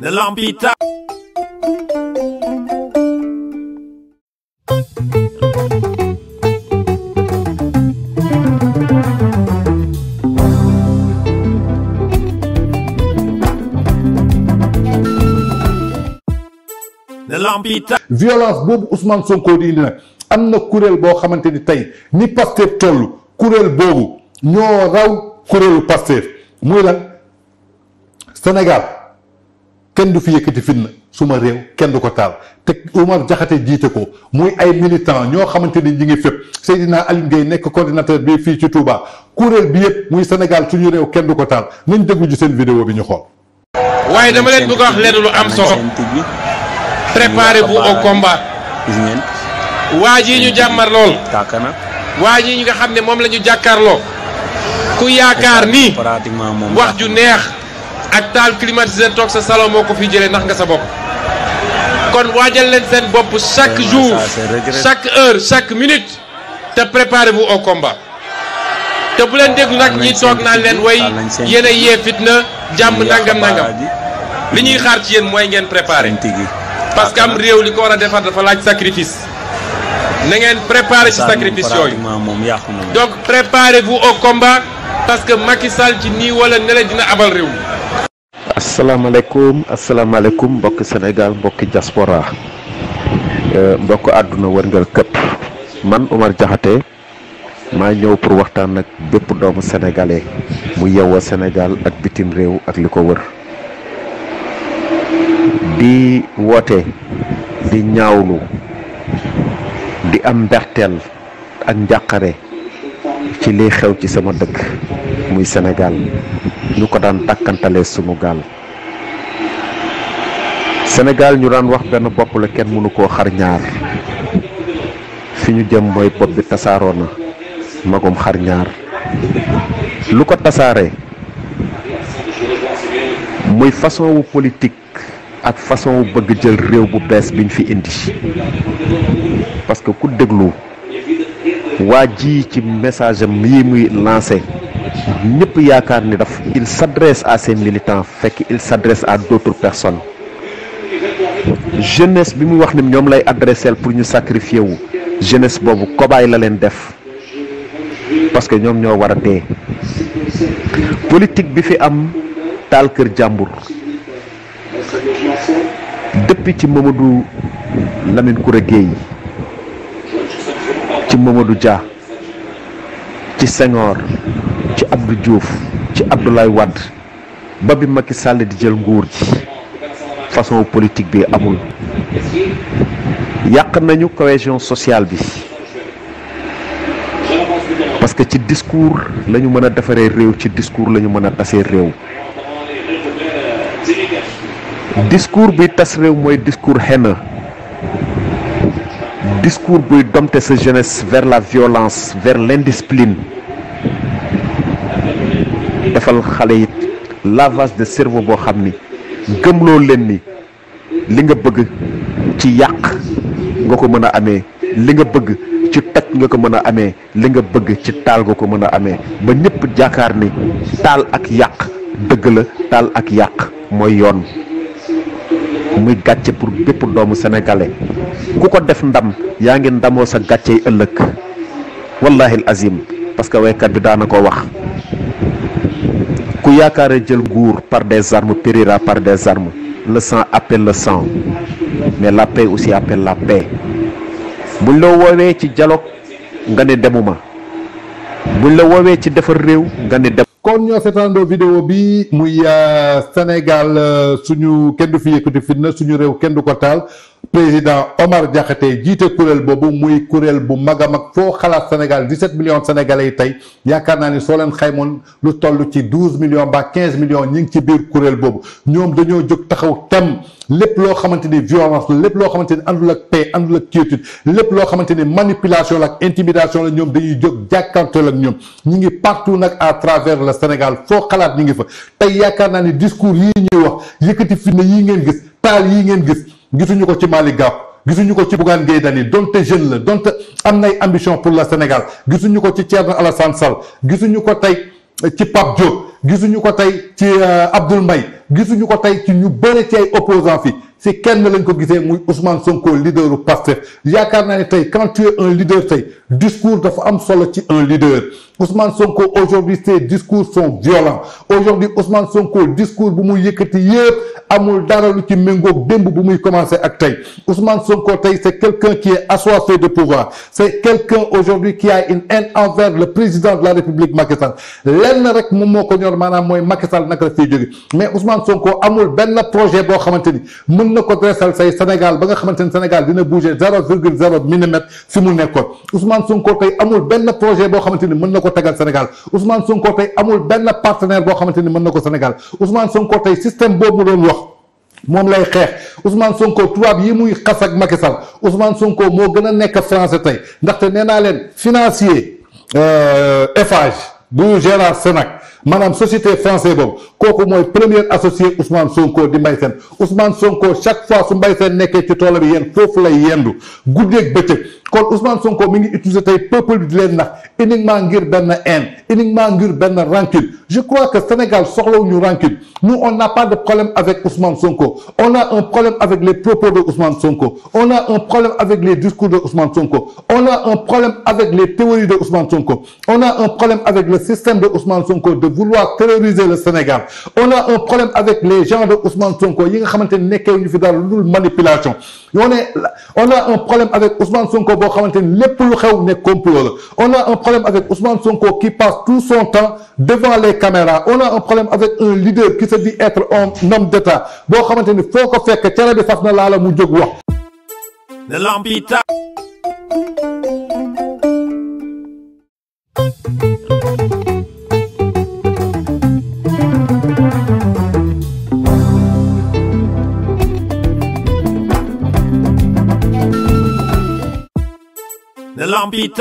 la Lampita. violence boobu Ousmane Sonko nag am na kuréel boo xamante ni tey ni Pastef toll kuréel boobu ñoo raw kuréelu Pastef muy lan Sénégal kenn du fi yëkkati fitna suma réew kenn du ko taal te Umar Jaxate jiite ko muy ay militant ñoo xamante ni ñi ngi fépp Seydina Alioune Gueye nekk coordinateur bi fii ci Touba kuréel bi yëpp muy senegal suñu réew kenn du ko taal nañ déglu ji seen vidéo bi ñu xool. waaye dama leen bëgg a wax leen lu am solo. préparez bu au waa ji ñu jàmmar lool. waa ji ñu nga xam ne moom lañu ñu jàkkaarloo. ku yaakaar ni wax ju neex. ak taal climatiseur tok sa salon moko fi jëlee ndax nga sa bopp kon waajal len sen bop chaque jour chaque heure chaque minute te préparez-vous au combat te bu len déglu nak ñi tok naan len way yene a fitna jamm nangam nangam li ñi xaar ci yeen moy ngeen préparer parce que am ah. réew li ko war a dafa laaj sacrifice na ngeen préparer ci sacrifice yoy donc préparez-vous au combat parce que Macky Sall ci ni wala nele dina abal réew mi asalaamaaleykum asalaamaaleykum mbokki Sénégal mbokki diaspora euh, mbokk àdduna wërngal këpp man Omar Diakhaté maa ñëw pour waxtaan ak bépp doomu sénégalais mu yewwa Sénégal ak bitim réew ak li ko wër di woote di ñaawlu di am mberteel ak njàqare ci liy xew ci sama dëkk muy Sénégal ñu ko daan tàkkantale sunu gal senegal ñu daan wax benn bopp la kenn mënu koo xar ñaar fi ñu jëm mooy bopp bi tasaaroo na magum xar ñaar lu ko tasaaree muy façon wu politique ak façon wu bëgg jël réew bu bees biñ fi indi parce que ku déglu waa ji ci message am yi muy lancer ñëpp yaakaar ni dafa il s'adresse à ses militants fekk il s'adresse à d'autres personne jeunesse bi mu wax ni ñoom lay adressé pour ñu sacrifier wu jeunesse boobu cobaye la leen def parce que ñoom ñoo war a dee politique bi fi am taal kër jàmbur depuis ci Mamadou Lamine Koura Gueye ci Mamadou Dia ci Senghor ci Abdou Diouf ci Abdoulaye wad babi Macky Sall di jël nguur ci façon politique bi amul yak nañu cohésion sociale bi parce que ci discours la mëna défaré réew ci discours la mëna tassé réew discours bi tass réew moy discours haine discours bi domté sa jeunesse vers la violence vers l'indiscipline defal xale yi lavage de cerveau boo xam ni loo leen ni li nga bëgg ci yàq nga ko mën a amee li nga bëgg ci toj nga ko mën a amee li nga bëgg ci taal nga ko mën a amee ba ñëpp jaakaar ni taal ak yàq dëgg la taal ak yàq mooy yoon muy gàcce pour bépp doomu sénégalais ku ko def ndam yaa ngi ndamoo sa gàcce yi ëllëg wallahi al azim parce que waykat bi daana ko wax ku yaakaare jël gour par des armes périra par des armes le sang appelle le sang mais la paix aussi appelle la paix buñ la woowee ci dialogue des moments. demuma buñ la woowee ci defar réew nga dem. kon ñoo sétando vidéo bi muy euh, Sénégal euh, suñu kenn du fi yëkkati fitna suñu rew kenn du ko taal président Omar Diakhaté jiite Kurel Bobu, muy Kurel bu mag a fo xalat Sénégal 17 millions sénégalais tay yakarna ni so len xeymon lu tollu ci 12 millions ba 15 millions ñing ci bir kuréel bobu ñom dañu jog taxaw tem lepp lo xamanteni violence lepp lo xamanteni andul ak paix andul ak quiétude lepp lo xamanteni manipulation la ak intimidation la ñom dañuy jog jàkkanteel ak ñom ñingi partout nak à travers le Sénégal fo xalat ñingi fa tay yakarna ni discours yi ñi wax fi ne yi ngeen gis taal yi ngeen gis gisuñu ko ci Malick Gap gisuñu ko ci Bougane Gueye Dany donte jeune la donte am nay ambition pour le Sénégal gisuñu ko ci Thierno Alassane Sall gisuñu ko tay ci Pape Diop gisuñu ko tay ci euh, Abdoul Mbaye gisuñu ko tay ci ñu bëri ci ay opposants fi si kenn lañ ko gisé muy Ousmane Sonko leaderu Pastef yaakaar na ne tay quand tu es un leader tey discours de am solo un leader Ousmane Sonko aujourd'hui ses discours sont violents aujourd'hui Ousmane Sonko discours bu muy yëkkati yëpp amul dara lu ci méngoog demb bu muy commencé ak tay Ousmane Sonko c'est quelqu'un qui est assoiffé de pouvoir c'est quelqu'un aujourd'hui qui a une haine envers le président de la République Macky Sall lenn rek mom moko ñor manam moy Macky Sall nak la fiy jóge mais Ousmane Sonko amul ben projet bo xamanteni mën nako ko dressal say Sénégal ba nga xamanteni Sénégal dina bouger zéro mm zéro millimètre fi mu Ousmane Sonko tay amul benn projet boo xamante ni mën na ko tegal Sénégal Ousmane Sonko tay amul benn partenaire boo xamante ni mën na ko Sénégal Ousmane Sonko tay système boobu doon wax moom lay xeex Ousmane Sonko tubaab yi muy xas ak Macky Sall Ousmane Sonko moo gën a nekk français tey ndaxte nee naa leen financier euh, Eiffage bu Gérard Sénac maanaam société français boobu kooku moy premier associé Ousmane Sonko di Mbaye Ousmane Sonko chaque fois su Mbaye Sène que ci bi yéen fofu lay yendu ak bëccëg kon Ousmane Sonko mi ngi utiliser tay peuple bi di len nax uniquement ngir il haine uniquement ngir ben rancune je crois que Sénégal ñu rancune nous on n'a pas de problème avec Ousmane Sonko on a un problème avec les propos de Ousmane Sonko on a un problème avec les discours de Ousmane Sonko on a un problème avec les théories de Ousmane Sonko on a un problème avec le système de Ousmane Sonko de vouloir terroriser le Sénégal on a un problème avec les gens de Ousmane Sonko yi nga ne manipulation on a un problème avec Ousmane Sonko Il on a un problème avec Ousmane Sonko qui passe tout son temps devant les caméras on a un problème avec un leader qui se dit être un homme d'État Il faut que foo ko de bi la mu jóg wax. tant